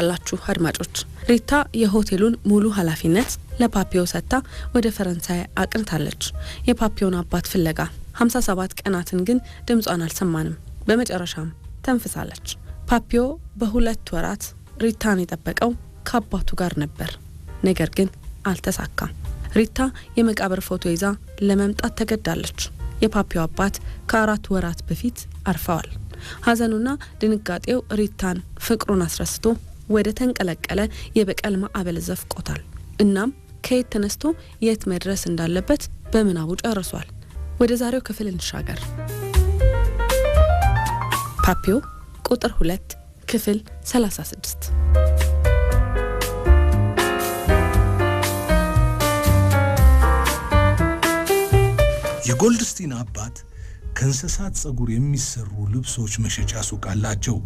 አላችሁ አድማጮች። ሪታ የሆቴሉን ሙሉ ኃላፊነት ለፓፒዮ ሰጥታ ወደ ፈረንሳይ አቅንታለች። የፓፒዮን አባት ፍለጋ 57 ቀናትን ግን ድምጿን አልሰማንም። በመጨረሻም ተንፍሳለች። ፓፒዮ በሁለት ወራት ሪታን የጠበቀው ከአባቱ ጋር ነበር። ነገር ግን አልተሳካም። ሪታ የመቃብር ፎቶ ይዛ ለመምጣት ተገዳለች። የፓፒዮ አባት ከአራት ወራት በፊት አርፈዋል። ሐዘኑና ድንጋጤው ሪታን ፍቅሩን አስረስቶ ወደ ተንቀለቀለ የበቀል ማዕበል ዘፍቆታል። እናም ከየት ተነስቶ የት መድረስ እንዳለበት በምናቡ ጨርሷል። ወደ ዛሬው ክፍል እንሻገር። ፓፒዮ ቁጥር 2 ክፍል 36 የጎልድስቲን አባት ከእንስሳት ጸጉር የሚሰሩ ልብሶች መሸጫ ሱቅ አላቸው።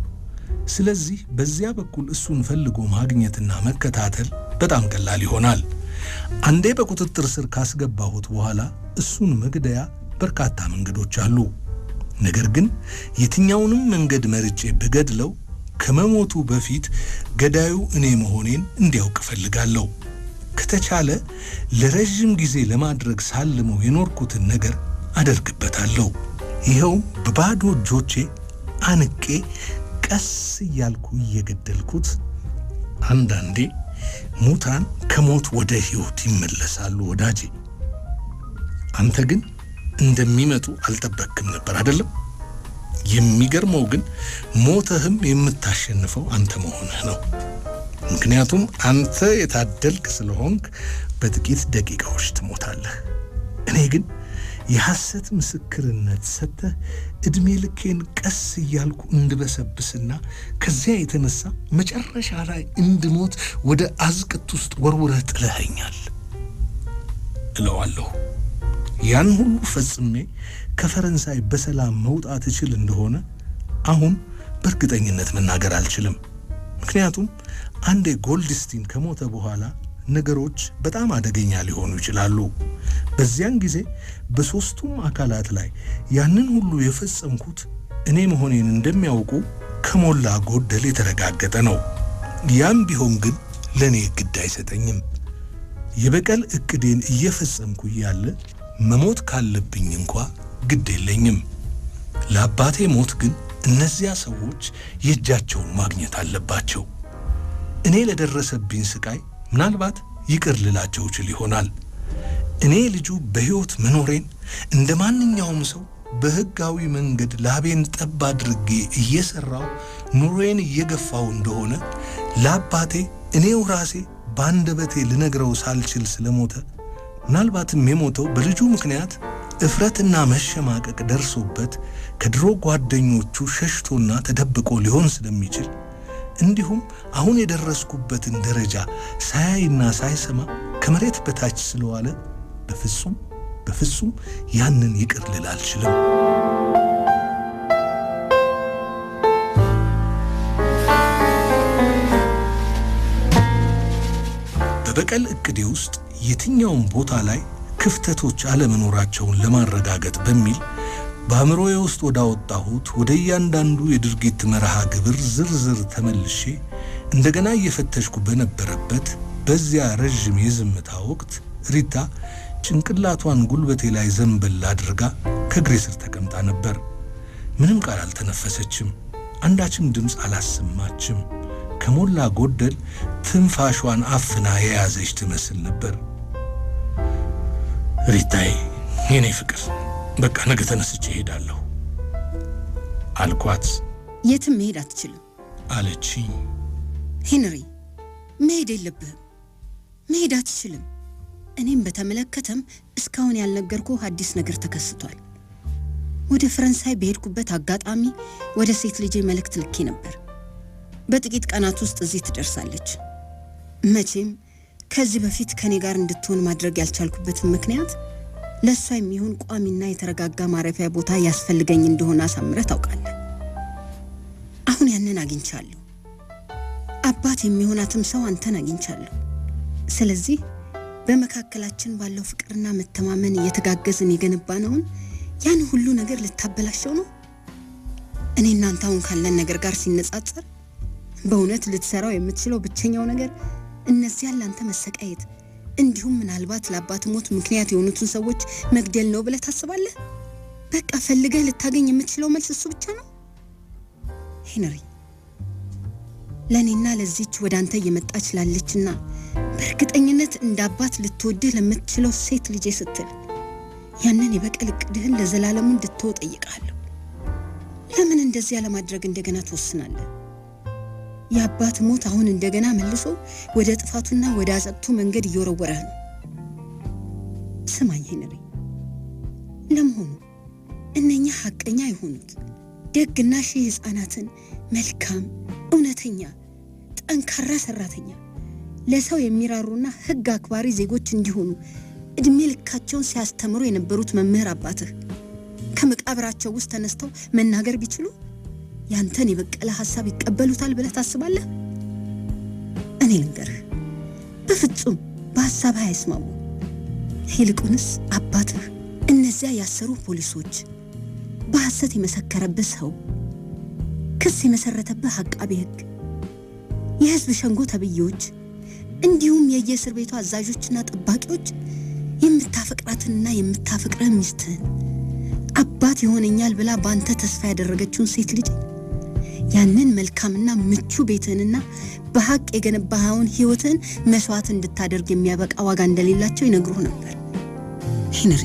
ስለዚህ በዚያ በኩል እሱን ፈልጎ ማግኘትና መከታተል በጣም ቀላል ይሆናል። አንዴ በቁጥጥር ስር ካስገባሁት በኋላ እሱን መግደያ በርካታ መንገዶች አሉ። ነገር ግን የትኛውንም መንገድ መርጬ ብገድለው ከመሞቱ በፊት ገዳዩ እኔ መሆኔን እንዲያውቅ እፈልጋለሁ። ከተቻለ ለረዥም ጊዜ ለማድረግ ሳልመው የኖርኩትን ነገር አደርግበታለሁ። ይኸውም በባዶ እጆቼ አንቄ ቀስ እያልኩ እየገደልኩት አንዳንዴ ሙታን ከሞት ወደ ሕይወት ይመለሳሉ ወዳጄ። አንተ ግን እንደሚመጡ አልጠበክም ነበር አይደለም? የሚገርመው ግን ሞተህም የምታሸንፈው አንተ መሆንህ ነው። ምክንያቱም አንተ የታደልክ ስለሆንክ በጥቂት ደቂቃዎች ትሞታለህ። እኔ ግን የሐሰት ምስክርነት ሰጥተህ ዕድሜ ልኬን ቀስ እያልኩ እንድበሰብስና ከዚያ የተነሳ መጨረሻ ላይ እንድሞት ወደ አዝቅት ውስጥ ወርውረህ ጥለኸኛል እለዋለሁ። ያን ሁሉ ፈጽሜ ከፈረንሳይ በሰላም መውጣት እችል እንደሆነ አሁን በእርግጠኝነት መናገር አልችልም። ምክንያቱም አንዴ ጎልድስቲን ከሞተ በኋላ ነገሮች በጣም አደገኛ ሊሆኑ ይችላሉ። በዚያን ጊዜ በሦስቱም አካላት ላይ ያንን ሁሉ የፈጸምኩት እኔ መሆኔን እንደሚያውቁ ከሞላ ጎደል የተረጋገጠ ነው። ያም ቢሆን ግን ለእኔ ግድ አይሰጠኝም። የበቀል እቅዴን እየፈጸምኩ እያለ መሞት ካለብኝ እንኳ ግድ የለኝም። ለአባቴ ሞት ግን እነዚያ ሰዎች የእጃቸውን ማግኘት አለባቸው። እኔ ለደረሰብኝ ስቃይ ምናልባት ይቅር ልላቸው እችል ይሆናል። እኔ ልጁ በሕይወት መኖሬን እንደ ማንኛውም ሰው በሕጋዊ መንገድ ላቤን ጠብ አድርጌ እየሠራው ኑሮዬን እየገፋው እንደሆነ ለአባቴ እኔው ራሴ በአንደበቴ ልነግረው ሳልችል ስለሞተ ምናልባትም የሞተው በልጁ ምክንያት እፍረትና መሸማቀቅ ደርሶበት ከድሮ ጓደኞቹ ሸሽቶና ተደብቆ ሊሆን ስለሚችል እንዲሁም አሁን የደረስኩበትን ደረጃ ሳያይና ሳይሰማ ከመሬት በታች ስለዋለ በፍጹም በፍጹም ያንን ይቅር ልል አልችልም። በበቀል እቅዴ ውስጥ የትኛውም ቦታ ላይ ክፍተቶች አለመኖራቸውን ለማረጋገጥ በሚል በአእምሮዬ ውስጥ ወዳወጣሁት ወደ እያንዳንዱ የድርጊት መርሃ ግብር ዝርዝር ተመልሼ እንደገና እየፈተሽኩ በነበረበት በዚያ ረዥም የዝምታ ወቅት ሪታ ጭንቅላቷን ጉልበቴ ላይ ዘንበል አድርጋ ከእግሬ ስር ተቀምጣ ነበር። ምንም ቃል አልተነፈሰችም። አንዳችም ድምፅ አላሰማችም። ከሞላ ጎደል ትንፋሿን አፍና የያዘች ትመስል ነበር። ሪታዬ፣ የኔ ፍቅር በቃ ነገ ተነስቼ እሄዳለሁ አልኳት። የትም መሄድ አትችልም አለችኝ። ሄንሪ መሄድ የለብህም መሄድ አትችልም። እኔም በተመለከተም እስካሁን ያልነገርኩህ አዲስ ነገር ተከስቷል። ወደ ፈረንሳይ በሄድኩበት አጋጣሚ ወደ ሴት ልጄ መልእክት ልኬ ነበር። በጥቂት ቀናት ውስጥ እዚህ ትደርሳለች። መቼም ከዚህ በፊት ከእኔ ጋር እንድትሆን ማድረግ ያልቻልኩበትን ምክንያት ለእሷ የሚሆን ቋሚና የተረጋጋ ማረፊያ ቦታ ያስፈልገኝ እንደሆነ አሳምረህ ታውቃለህ። አሁን ያንን አግኝቻለሁ። አባት የሚሆናትም ሰው አንተን አግኝቻለሁ። ስለዚህ በመካከላችን ባለው ፍቅርና መተማመን እየተጋገዝን የገነባነውን ያን ሁሉ ነገር ልታበላሸው ነው? እኔ እናንተ አሁን ካለን ነገር ጋር ሲነጻጸር በእውነት ልትሰራው የምትችለው ብቸኛው ነገር እነዚያን ለአንተ መሰቃየት እንዲሁም ምናልባት ለአባት ሞት ምክንያት የሆኑትን ሰዎች መግደል ነው ብለህ ታስባለህ? በቃ ፈልገህ ልታገኝ የምትችለው መልስ እሱ ብቻ ነው። ሄንሪ፣ ለእኔና ለዚች ወደ አንተ እየመጣች ላለችና በእርግጠኝነት እንደ አባት ልትወድህ ለምትችለው ሴት ልጄ ስትል ያንን የበቀል እቅድህን ለዘላለሙ እንድትወ ጠይቃለሁ። ለምን እንደዚያ ለማድረግ እንደገና ትወስናለህ? የአባት ሞት አሁን እንደገና መልሶ ወደ ጥፋቱና ወደ አዘቅቱ መንገድ እየወረወረ ነው። ስማኝ ሄንሪ፣ ለመሆኑ እነኛ ሐቀኛ የሆኑት ደግና ሺህ ሕፃናትን መልካም፣ እውነተኛ፣ ጠንካራ ሰራተኛ፣ ለሰው የሚራሩና ሕግ አክባሪ ዜጎች እንዲሆኑ እድሜ ልካቸውን ሲያስተምሩ የነበሩት መምህር አባትህ ከመቃብራቸው ውስጥ ተነስተው መናገር ቢችሉ ያንተን የበቀለ ሀሳብ ይቀበሉታል ብለህ ታስባለህ? እኔ ልንገርህ፣ በፍጹም በሀሳብህ አይስማሙ። ይልቁንስ አባትህ፣ እነዚያ ያሰሩ ፖሊሶች፣ በሐሰት የመሰከረብህ ሰው፣ ክስ የመሠረተብህ አቃቤ ሕግ፣ የህዝብ ሸንጎ ተብዬዎች እንዲሁም የየእስር ቤቱ አዛዦችና ጠባቂዎች የምታፈቅራትንና የምታፈቅረህ ሚስትህን አባት ይሆነኛል ብላ በአንተ ተስፋ ያደረገችውን ሴት ልጅ ያንን መልካምና ምቹ ቤትህንና በሀቅ የገነባኸውን ህይወትህን መስዋዕት እንድታደርግ የሚያበቃ ዋጋ እንደሌላቸው ይነግሩህ ነበር። ሄንሪ፣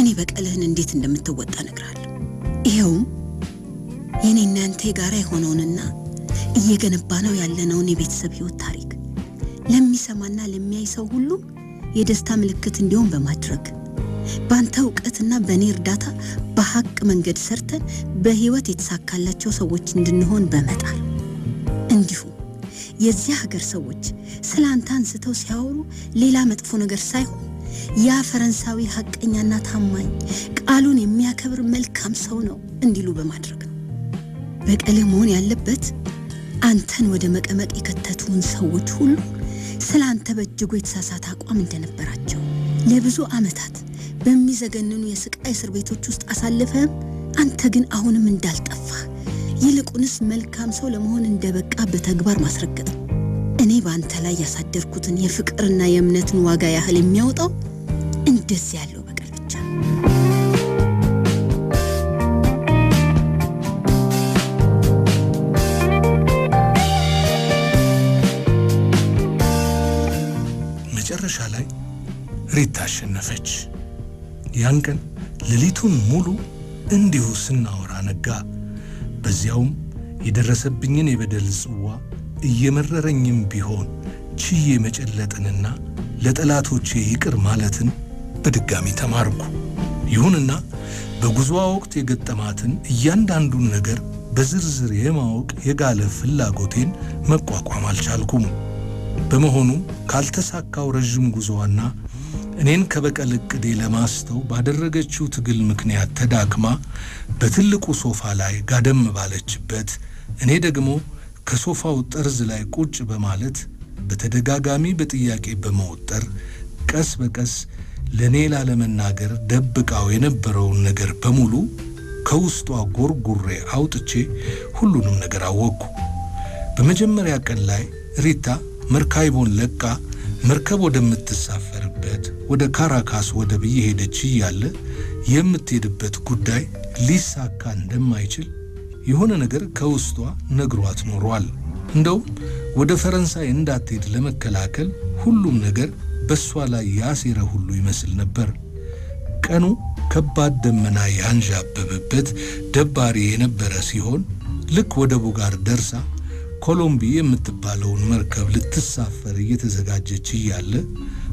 እኔ በቀልህን እንዴት እንደምትወጣ እነግርሃለሁ። ይኸውም የእኔ እናንተ የጋራ የሆነውንና እየገነባ ነው ያለነውን የቤተሰብ ህይወት ታሪክ ለሚሰማና ለሚያይ ሰው ሁሉ የደስታ ምልክት እንዲሆን በማድረግ በአንተ እውቀትና በእኔ እርዳታ በሀቅ መንገድ ሰርተን በህይወት የተሳካላቸው ሰዎች እንድንሆን በመጣል እንዲሁም የዚያ ሀገር ሰዎች ስለ አንተ አንስተው ሲያወሩ ሌላ መጥፎ ነገር ሳይሆን ያ ፈረንሳዊ ሀቀኛና ታማኝ ቃሉን የሚያከብር መልካም ሰው ነው እንዲሉ በማድረግ ነው። በቀለ መሆን ያለበት አንተን ወደ መቀመቅ የከተቱን ሰዎች ሁሉ ስለ አንተ በእጅጉ የተሳሳተ አቋም እንደነበራቸው ለብዙ ዓመታት በሚዘገንኑ የስቃይ እስር ቤቶች ውስጥ አሳልፈ አንተ ግን አሁንም እንዳልጠፋህ ይልቁንስ መልካም ሰው ለመሆን እንደበቃ በተግባር ማስረገጥ ነው። እኔ በአንተ ላይ ያሳደርኩትን የፍቅርና የእምነትን ዋጋ ያህል የሚያወጣው እንደዚህ ያለው መጨረሻ ላይ ሪታ አሸነፈች። ያን ቀን ሌሊቱን ሙሉ እንዲሁ ስናወራ ነጋ። በዚያውም የደረሰብኝን የበደል ጽዋ እየመረረኝም ቢሆን ችዬ መጨለጥንና ለጠላቶቼ ይቅር ማለትን በድጋሚ ተማርኩ። ይሁንና በጉዞዋ ወቅት የገጠማትን እያንዳንዱን ነገር በዝርዝር የማወቅ የጋለ ፍላጎቴን መቋቋም አልቻልኩም። በመሆኑ ካልተሳካው ረዥም ጉዞዋና እኔን ከበቀል እቅዴ ለማስተው ባደረገችው ትግል ምክንያት ተዳክማ በትልቁ ሶፋ ላይ ጋደም ባለችበት እኔ ደግሞ ከሶፋው ጠርዝ ላይ ቁጭ በማለት በተደጋጋሚ በጥያቄ በመወጠር ቀስ በቀስ ለእኔ ላለመናገር ደብቃው የነበረውን ነገር በሙሉ ከውስጧ ጎርጉሬ አውጥቼ ሁሉንም ነገር አወቅኩ። በመጀመሪያ ቀን ላይ ሪታ መርካይቦን ለቃ መርከብ ወደምትሳፈርበት ወደ ካራካስ ወደብ እየሄደች እያለ የምትሄድበት ጉዳይ ሊሳካ እንደማይችል የሆነ ነገር ከውስጧ ነግሯት ኖሯል። እንደውም ወደ ፈረንሳይ እንዳትሄድ ለመከላከል ሁሉም ነገር በእሷ ላይ ያሴረ ሁሉ ይመስል ነበር። ቀኑ ከባድ ደመና ያንዣበበበት ደባሪ የነበረ ሲሆን ልክ ወደቡ ጋር ደርሳ ኮሎምቢ የምትባለውን መርከብ ልትሳፈር እየተዘጋጀች እያለ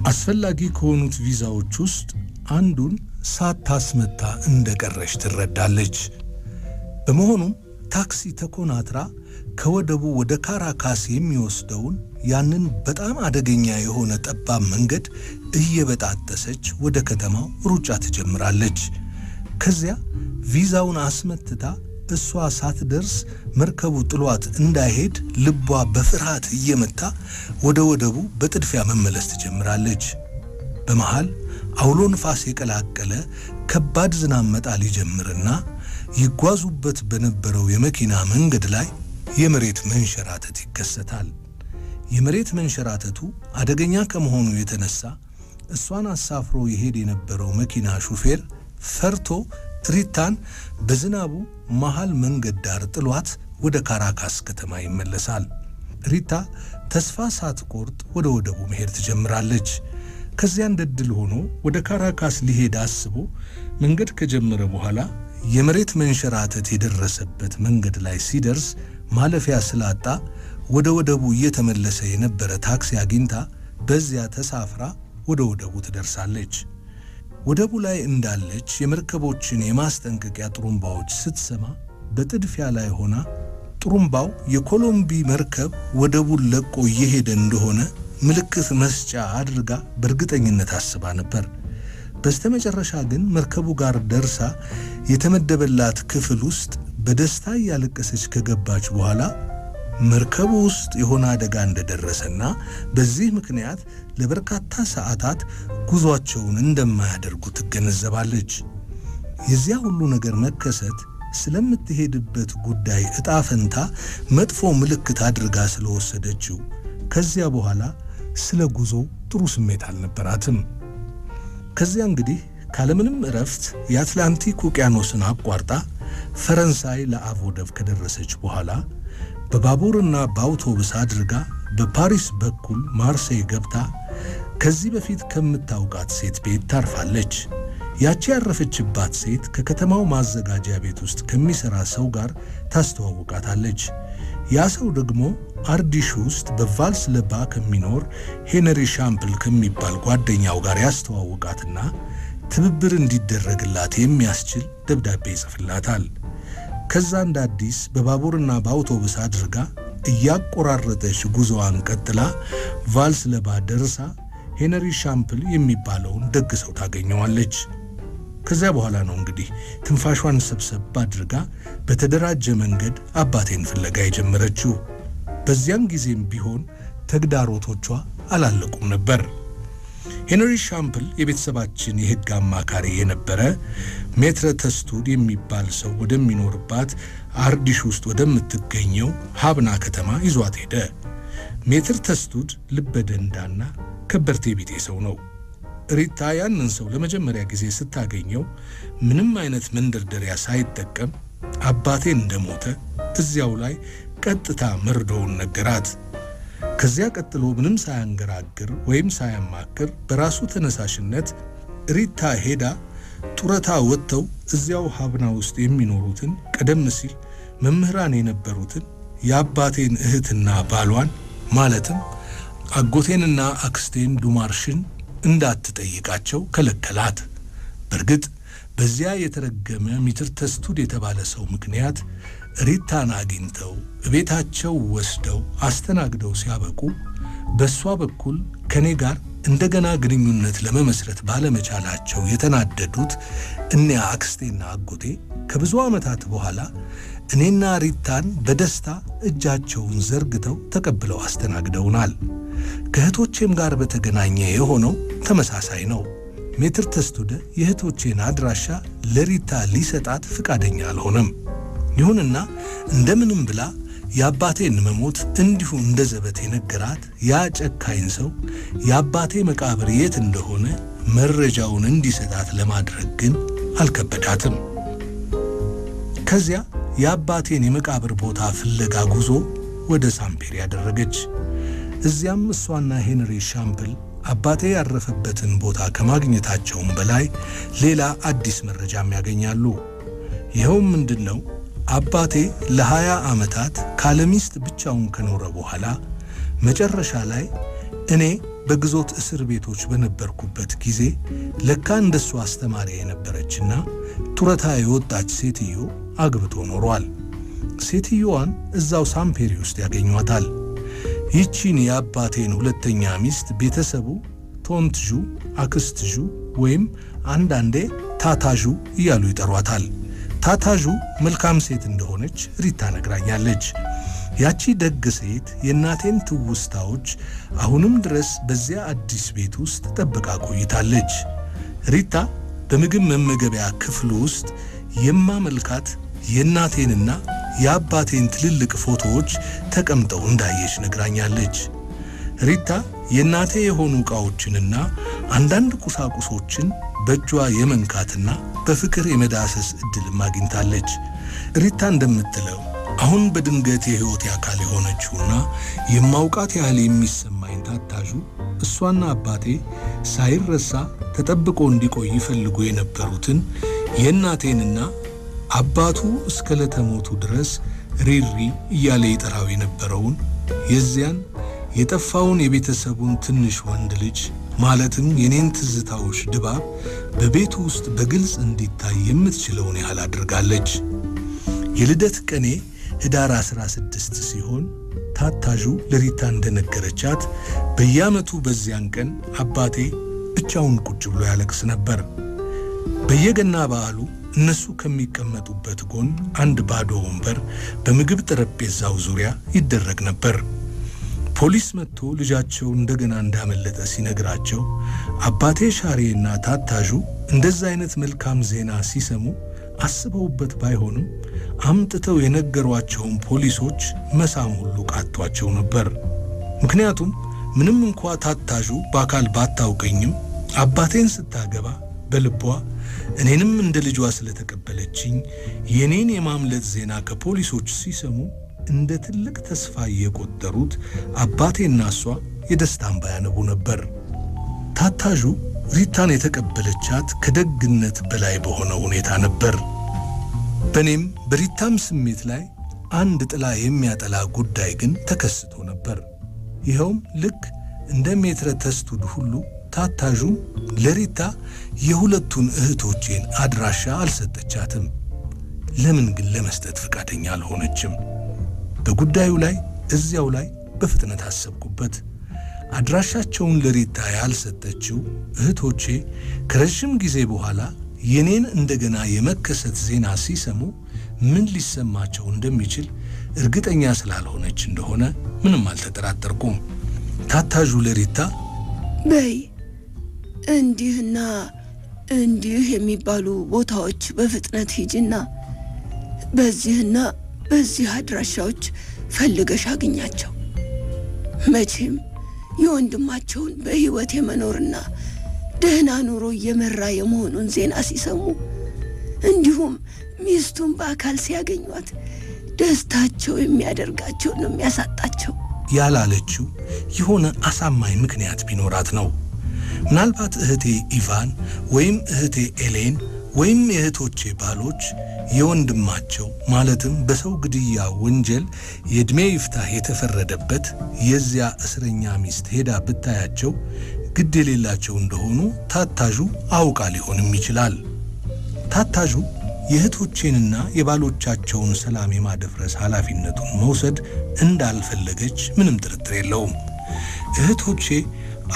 አስፈላጊ ከሆኑት ቪዛዎች ውስጥ አንዱን ሳታስመታ እንደቀረች ትረዳለች። በመሆኑም ታክሲ ተኮናትራ ከወደቡ ወደ ካራካስ የሚወስደውን ያንን በጣም አደገኛ የሆነ ጠባብ መንገድ እየበጣጠሰች ወደ ከተማው ሩጫ ትጀምራለች። ከዚያ ቪዛውን አስመትታ እሷ ሳትደርስ መርከቡ ጥሏት እንዳይሄድ ልቧ በፍርሃት እየመታ ወደ ወደቡ በጥድፊያ መመለስ ትጀምራለች። በመሃል አውሎ ንፋስ የቀላቀለ ከባድ ዝናብ መጣል ይጀምርና ይጓዙበት በነበረው የመኪና መንገድ ላይ የመሬት መንሸራተት ይከሰታል። የመሬት መንሸራተቱ አደገኛ ከመሆኑ የተነሳ እሷን አሳፍሮ ይሄድ የነበረው መኪና ሹፌር ፈርቶ ትሪታን በዝናቡ መሃል መንገድ ዳር ጥሏት ወደ ካራካስ ከተማ ይመለሳል። ሪታ ተስፋ ሳትቆርጥ ወደ ወደቡ መሄድ ትጀምራለች። ከዚያ እንደ ሆኖ ወደ ካራካስ ሊሄድ አስቦ መንገድ ከጀመረ በኋላ የመሬት መንሸራተት የደረሰበት መንገድ ላይ ሲደርስ ማለፊያ ስላጣ ወደ ወደቡ እየተመለሰ የነበረ ታክሲ አግኝታ በዚያ ተሳፍራ ወደ ወደቡ ትደርሳለች። ወደቡ ላይ እንዳለች የመርከቦችን የማስጠንቀቂያ ጥሩምባዎች ስትሰማ በጥድፊያ ላይ ሆና ጥሩምባው የኮሎምቢ መርከብ ወደቡን ለቆ እየሄደ እንደሆነ ምልክት መስጫ አድርጋ በእርግጠኝነት አስባ ነበር። በስተመጨረሻ ግን መርከቡ ጋር ደርሳ የተመደበላት ክፍል ውስጥ በደስታ እያለቀሰች ከገባች በኋላ መርከቡ ውስጥ የሆነ አደጋ እንደደረሰና በዚህ ምክንያት ለበርካታ ሰዓታት ጉዟቸውን እንደማያደርጉ ትገነዘባለች። የዚያ ሁሉ ነገር መከሰት ስለምትሄድበት ጉዳይ እጣ ፈንታ መጥፎ ምልክት አድርጋ ስለወሰደችው ከዚያ በኋላ ስለ ጉዞ ጥሩ ስሜት አልነበራትም። ከዚያ እንግዲህ ካለምንም እረፍት የአትላንቲክ ውቅያኖስን አቋርጣ ፈረንሳይ ለአቮደብ ከደረሰች በኋላ በባቡርና በአውቶቡስ አድርጋ በፓሪስ በኩል ማርሴይ ገብታ ከዚህ በፊት ከምታውቃት ሴት ቤት ታርፋለች። ያቺ ያረፈችባት ሴት ከከተማው ማዘጋጃ ቤት ውስጥ ከሚሠራ ሰው ጋር ታስተዋውቃታለች። ያ ሰው ደግሞ አርዲሽ ውስጥ በቫልስ ለባ ከሚኖር ሄነሪ ሻምፕል ከሚባል ጓደኛው ጋር ያስተዋውቃትና ትብብር እንዲደረግላት የሚያስችል ደብዳቤ ይጽፍላታል። ከዛ እንደ አዲስ በባቡርና በአውቶቡስ አድርጋ እያቆራረጠች ጉዞዋን ቀጥላ ቫልስ ለባ ደርሳ ሄነሪ ሻምፕል የሚባለውን ደግ ሰው ታገኘዋለች። ከዚያ በኋላ ነው እንግዲህ ትንፋሿን ሰብሰብ አድርጋ በተደራጀ መንገድ አባቴን ፍለጋ የጀመረችው። በዚያን ጊዜም ቢሆን ተግዳሮቶቿ አላለቁም ነበር። ሄንሪ ሻምፕል የቤተሰባችን የሕግ አማካሪ የነበረ ሜትረ ተስቱድ የሚባል ሰው ወደሚኖርባት አርዲሽ ውስጥ ወደምትገኘው ሀብና ከተማ ይዟት ሄደ። ሜትር ተስቱድ ልበደንዳና ከበርቴ ቢጤ ሰው ነው። ሪታ ያንን ሰው ለመጀመሪያ ጊዜ ስታገኘው ምንም አይነት መንደርደሪያ ሳይጠቀም አባቴ እንደሞተ እዚያው ላይ ቀጥታ መርዶውን ነገራት። ከዚያ ቀጥሎ ምንም ሳያንገራግር ወይም ሳያማክር በራሱ ተነሳሽነት ሪታ ሄዳ ጡረታ ወጥተው እዚያው ሀብና ውስጥ የሚኖሩትን ቀደም ሲል መምህራን የነበሩትን የአባቴን እህትና ባሏን ማለትም አጎቴንና አክስቴን ዱማርሽን እንዳትጠይቃቸው ከለከላት። በእርግጥ በዚያ የተረገመ ሚትር ተስቱድ የተባለ ሰው ምክንያት ሪታን አግኝተው ቤታቸው ወስደው አስተናግደው ሲያበቁ በእሷ በኩል ከእኔ ጋር እንደገና ግንኙነት ለመመስረት ባለመቻላቸው የተናደዱት እኒያ አክስቴና አጎቴ ከብዙ ዓመታት በኋላ እኔና ሪታን በደስታ እጃቸውን ዘርግተው ተቀብለው አስተናግደውናል። ከእህቶቼም ጋር በተገናኘ የሆነው ተመሳሳይ ነው። ሜትር ተስቱደ የእህቶቼን አድራሻ ለሪታ ሊሰጣት ፍቃደኛ አልሆነም። ይሁንና እንደምንም ብላ የአባቴን መሞት እንዲሁ እንደ ዘበት የነገራት ያ ጨካኝ ሰው የአባቴ መቃብር የት እንደሆነ መረጃውን እንዲሰጣት ለማድረግ ግን አልከበዳትም። ከዚያ የአባቴን የመቃብር ቦታ ፍለጋ ጉዞ ወደ ሳምፔር ያደረገች። እዚያም እሷና ሄንሪ ሻምፕል አባቴ ያረፈበትን ቦታ ከማግኘታቸውም በላይ ሌላ አዲስ መረጃም ያገኛሉ። ይኸውም ምንድን ነው? አባቴ ለ ለ20 ዓመታት ካለሚስት ብቻውን ከኖረ በኋላ መጨረሻ ላይ እኔ በግዞት እስር ቤቶች በነበርኩበት ጊዜ ለካ እንደሱ አስተማሪ የነበረችና ቱረታ የወጣች ሴትዮ አግብቶ ኖሯል። ሴትዮዋን እዛው ሳምፔሪ ውስጥ ያገኟታል። ይቺን የአባቴን ሁለተኛ ሚስት ቤተሰቡ ቶንትዡ፣ አክስትዡ ወይም አንዳንዴ ታታዡ እያሉ ይጠሯታል። ታታዡ መልካም ሴት እንደሆነች ሪታ ነግራኛለች። ያቺ ደግ ሴት የእናቴን ትውስታዎች አሁንም ድረስ በዚያ አዲስ ቤት ውስጥ ጠብቃ ቆይታለች። ሪታ በምግብ መመገቢያ ክፍል ውስጥ የማመልካት የእናቴንና የአባቴን ትልልቅ ፎቶዎች ተቀምጠው እንዳየች ነግራኛለች። ሪታ የእናቴ የሆኑ ዕቃዎችንና አንዳንድ ቁሳቁሶችን በእጇ የመንካትና በፍቅር የመዳሰስ እድል አግኝታለች። ሪታ እንደምትለው አሁን በድንገት የሕይወት አካል የሆነችውና የማውቃት ያህል የሚሰማኝ ታታዡ እሷና አባቴ ሳይረሳ ተጠብቆ እንዲቆይ ይፈልጉ የነበሩትን የእናቴንና አባቱ እስከ ለተሞቱ ድረስ ሪሪ እያለ ይጠራው የነበረውን የዚያን የጠፋውን የቤተሰቡን ትንሽ ወንድ ልጅ ማለትም የኔን ትዝታዎች ድባብ በቤቱ ውስጥ በግልጽ እንዲታይ የምትችለውን ያህል አድርጋለች። የልደት ቀኔ ህዳር 16 ሲሆን ታታዡ ለሪታ እንደነገረቻት በየዓመቱ በዚያን ቀን አባቴ ብቻውን ቁጭ ብሎ ያለቅስ ነበር። በየገና በዓሉ እነሱ ከሚቀመጡበት ጎን አንድ ባዶ ወንበር በምግብ ጠረጴዛው ዙሪያ ይደረግ ነበር። ፖሊስ መጥቶ ልጃቸው እንደገና እንዳመለጠ ሲነግራቸው አባቴ ሻሬና ታታዡ እንደዛ አይነት መልካም ዜና ሲሰሙ አስበውበት ባይሆንም አምጥተው የነገሯቸውን ፖሊሶች መሳም ሁሉ ቃቷቸው ነበር። ምክንያቱም ምንም እንኳ ታታዡ በአካል ባታውቀኝም አባቴን ስታገባ በልቧ እኔንም እንደ ልጇ ስለተቀበለችኝ የኔን የማምለጥ ዜና ከፖሊሶች ሲሰሙ እንደ ትልቅ ተስፋ እየቆጠሩት አባቴና እሷ የደስታ እንባ ያነቡ ነበር። ታታዡ ሪታን የተቀበለቻት ከደግነት በላይ በሆነ ሁኔታ ነበር። በእኔም በሪታም ስሜት ላይ አንድ ጥላ የሚያጠላ ጉዳይ ግን ተከስቶ ነበር። ይኸውም ልክ እንደ ሜትረ ተስቱድ ሁሉ ታታዡም ለሪታ የሁለቱን እህቶቼን አድራሻ አልሰጠቻትም። ለምን ግን ለመስጠት ፈቃደኛ አልሆነችም? በጉዳዩ ላይ እዚያው ላይ በፍጥነት አሰብኩበት። አድራሻቸውን ለሪታ ያልሰጠችው እህቶቼ ከረዥም ጊዜ በኋላ የኔን እንደገና የመከሰት ዜና ሲሰሙ ምን ሊሰማቸው እንደሚችል እርግጠኛ ስላልሆነች እንደሆነ ምንም አልተጠራጠርኩም። ታታዡ ለሪታ በይ እንዲህና እንዲህ የሚባሉ ቦታዎች በፍጥነት ሂጂና በዚህና በዚህ አድራሻዎች ፈልገሽ አግኛቸው። መቼም የወንድማቸውን በሕይወት የመኖርና ደህና ኑሮ እየመራ የመሆኑን ዜና ሲሰሙ እንዲሁም ሚስቱን በአካል ሲያገኟት ደስታቸው የሚያደርጋቸው ነው የሚያሳጣቸው። ያላለችው የሆነ አሳማኝ ምክንያት ቢኖራት ነው። ምናልባት እህቴ ኢቫን ወይም እህቴ ኤሌን ወይም የእህቶቼ ባሎች የወንድማቸው ማለትም በሰው ግድያ ወንጀል የዕድሜ ይፍታህ የተፈረደበት የዚያ እስረኛ ሚስት ሄዳ ብታያቸው ግድ የሌላቸው እንደሆኑ ታታዡ አውቃ ሊሆንም ይችላል። ታታዡ የእህቶቼንና የባሎቻቸውን ሰላም የማደፍረስ ኃላፊነቱን መውሰድ እንዳልፈለገች ምንም ጥርጥር የለውም። እህቶቼ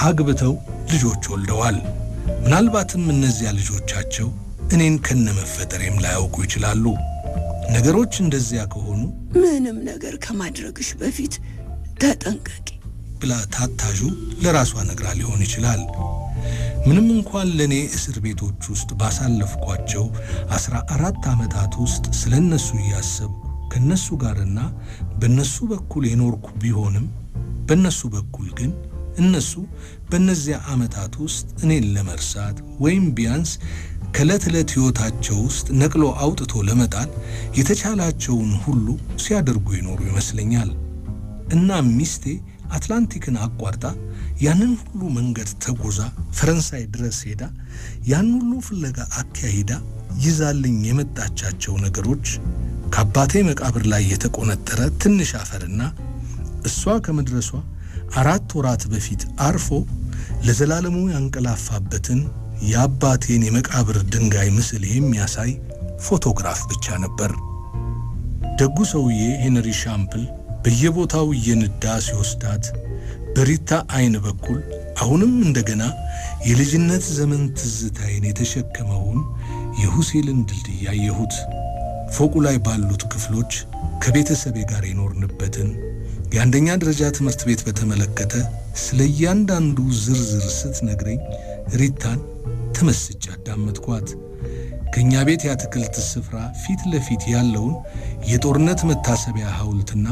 አግብተው ልጆች ወልደዋል። ምናልባትም እነዚያ ልጆቻቸው እኔን ከነመፈጠሬም ላያውቁ ይችላሉ። ነገሮች እንደዚያ ከሆኑ ምንም ነገር ከማድረግሽ በፊት ተጠንቀቂ ብላ ታታዡ ለራሷ ነግራ ሊሆን ይችላል። ምንም እንኳን ለእኔ እስር ቤቶች ውስጥ ባሳለፍኳቸው አስራ አራት ዓመታት ውስጥ ስለ እነሱ እያሰብኩ ከእነሱ ጋርና በእነሱ በኩል የኖርኩ ቢሆንም በእነሱ በኩል ግን እነሱ በእነዚያ ዓመታት ውስጥ እኔን ለመርሳት ወይም ቢያንስ ከዕለት ዕለት ሕይወታቸው ውስጥ ነቅሎ አውጥቶ ለመጣል የተቻላቸውን ሁሉ ሲያደርጉ ይኖሩ ይመስለኛል። እና ሚስቴ አትላንቲክን አቋርጣ ያንን ሁሉ መንገድ ተጉዛ ፈረንሳይ ድረስ ሄዳ ያን ሁሉ ፍለጋ አካሂዳ ይዛልኝ የመጣቻቸው ነገሮች ከአባቴ መቃብር ላይ የተቆነጠረ ትንሽ አፈርና እሷ ከመድረሷ አራት ወራት በፊት አርፎ ለዘላለሙ ያንቀላፋበትን የአባቴን የመቃብር ድንጋይ ምስል የሚያሳይ ፎቶግራፍ ብቻ ነበር። ደጉ ሰውዬ ሄንሪ ሻምፕል በየቦታው እየነዳ ሲወስዳት በሪታ አይን በኩል አሁንም እንደገና የልጅነት ዘመን ትዝታዬን የተሸከመውን የሁሴልን ድልድይ ያየሁት። ፎቁ ላይ ባሉት ክፍሎች ከቤተሰቤ ጋር የኖርንበትን የአንደኛ ደረጃ ትምህርት ቤት በተመለከተ ስለ እያንዳንዱ ዝርዝር ስትነግረኝ ሪታን ተመስጬ አዳመጥኳት። ከእኛ ቤት የአትክልት ስፍራ ፊት ለፊት ያለውን የጦርነት መታሰቢያ ሐውልትና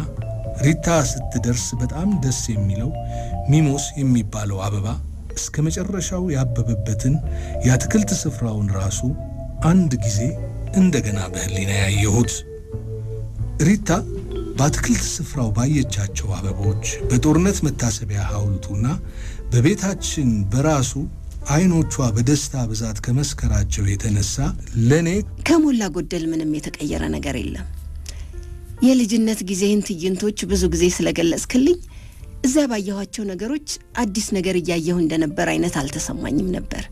ሪታ ስትደርስ በጣም ደስ የሚለው ሚሞስ የሚባለው አበባ እስከ መጨረሻው ያበበበትን የአትክልት ስፍራውን ራሱ አንድ ጊዜ እንደገና በህሊና ያየሁት። ሪታ በአትክልት ስፍራው ባየቻቸው አበቦች፣ በጦርነት መታሰቢያ ሐውልቱና በቤታችን በራሱ አይኖቿ በደስታ ብዛት ከመስከራቸው የተነሳ ለእኔ ከሞላ ጎደል ምንም የተቀየረ ነገር የለም። የልጅነት ጊዜህን ትዕይንቶች ብዙ ጊዜ ስለገለጽክልኝ እዚያ ባየኋቸው ነገሮች አዲስ ነገር እያየሁ እንደነበር አይነት አልተሰማኝም ነበር።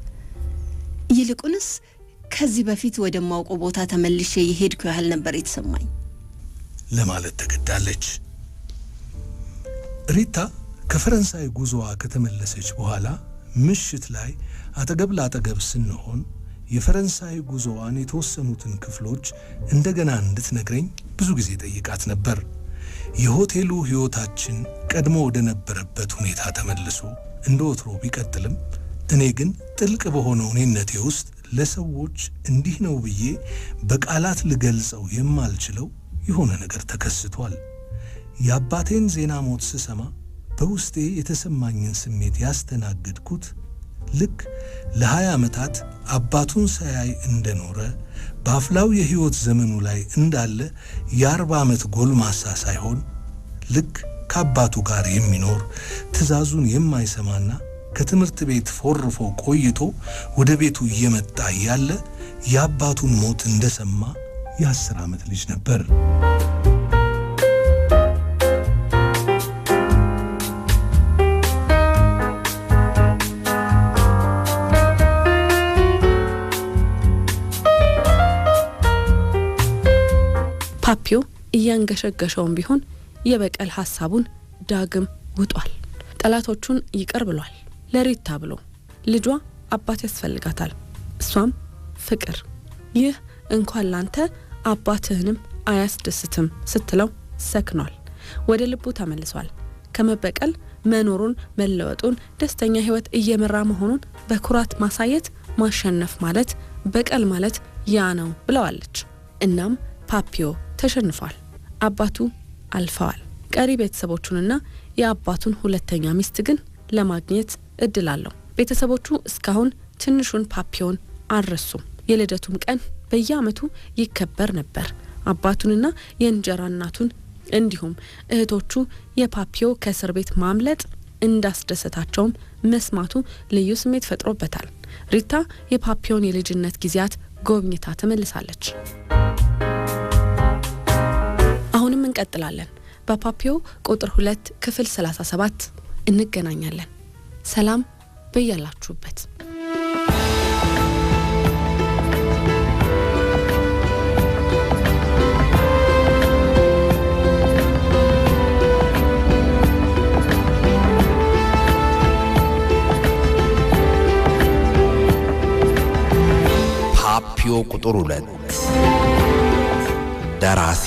ይልቁንስ ከዚህ በፊት ወደማውቀው ቦታ ተመልሼ የሄድኩ ያህል ነበር የተሰማኝ ለማለት ተገዳለች። ሪታ ከፈረንሳይ ጉዞዋ ከተመለሰች በኋላ ምሽት ላይ አጠገብ ለአጠገብ ስንሆን የፈረንሳይ ጉዞዋን የተወሰኑትን ክፍሎች እንደገና እንድትነግረኝ ብዙ ጊዜ ጠይቃት ነበር። የሆቴሉ ሕይወታችን ቀድሞ ወደ ነበረበት ሁኔታ ተመልሶ እንደ ወትሮ ቢቀጥልም እኔ ግን ጥልቅ በሆነው እኔነቴ ውስጥ ለሰዎች እንዲህ ነው ብዬ በቃላት ልገልጸው የማልችለው የሆነ ነገር ተከስቷል። የአባቴን ዜና ሞት ስሰማ በውስጤ የተሰማኝን ስሜት ያስተናገድኩት ልክ ለሀያ ዓመታት አባቱን ሳያይ እንደኖረ በአፍላው የሕይወት ዘመኑ ላይ እንዳለ የአርባ ዓመት ጎልማሳ ሳይሆን ልክ ከአባቱ ጋር የሚኖር ትዕዛዙን የማይሰማና ከትምህርት ቤት ፎርፎ ቆይቶ ወደ ቤቱ እየመጣ ያለ የአባቱን ሞት እንደሰማ የአስር ዓመት ልጅ ነበር። እየገሸገሸውም ቢሆን የበቀል ሀሳቡን ዳግም ውጧል። ጠላቶቹን ይቅር ብሏል። ለሪታ ብሎ ልጇ አባት ያስፈልጋታል፣ እሷም ፍቅር። ይህ እንኳን ላንተ አባትህንም አያስደስትም ስትለው ሰክኗል። ወደ ልቡ ተመልሷል። ከመበቀል መኖሩን፣ መለወጡን፣ ደስተኛ ህይወት እየመራ መሆኑን በኩራት ማሳየት ማሸነፍ ማለት በቀል ማለት ያ ነው ብለዋለች። እናም ፓፒዮ ተሸንፏል። አባቱ አልፈዋል። ቀሪ ቤተሰቦቹንና የአባቱን ሁለተኛ ሚስት ግን ለማግኘት እድል አለው። ቤተሰቦቹ እስካሁን ትንሹን ፓፒዮን አልረሱም። የልደቱም ቀን በየዓመቱ ይከበር ነበር። አባቱንና የእንጀራ እናቱን እንዲሁም እህቶቹ የፓፒዮ ከእስር ቤት ማምለጥ እንዳስደሰታቸውም መስማቱ ልዩ ስሜት ፈጥሮበታል። ሪታ የፓፒዮን የልጅነት ጊዜያት ጎብኝታ ተመልሳለች። እንቀጥላለን። በፓፒዮ ቁጥር 2 ክፍል 37 እንገናኛለን። ሰላም በያላችሁበት። ፓፒዮ ቁጥር 2 ደራሲ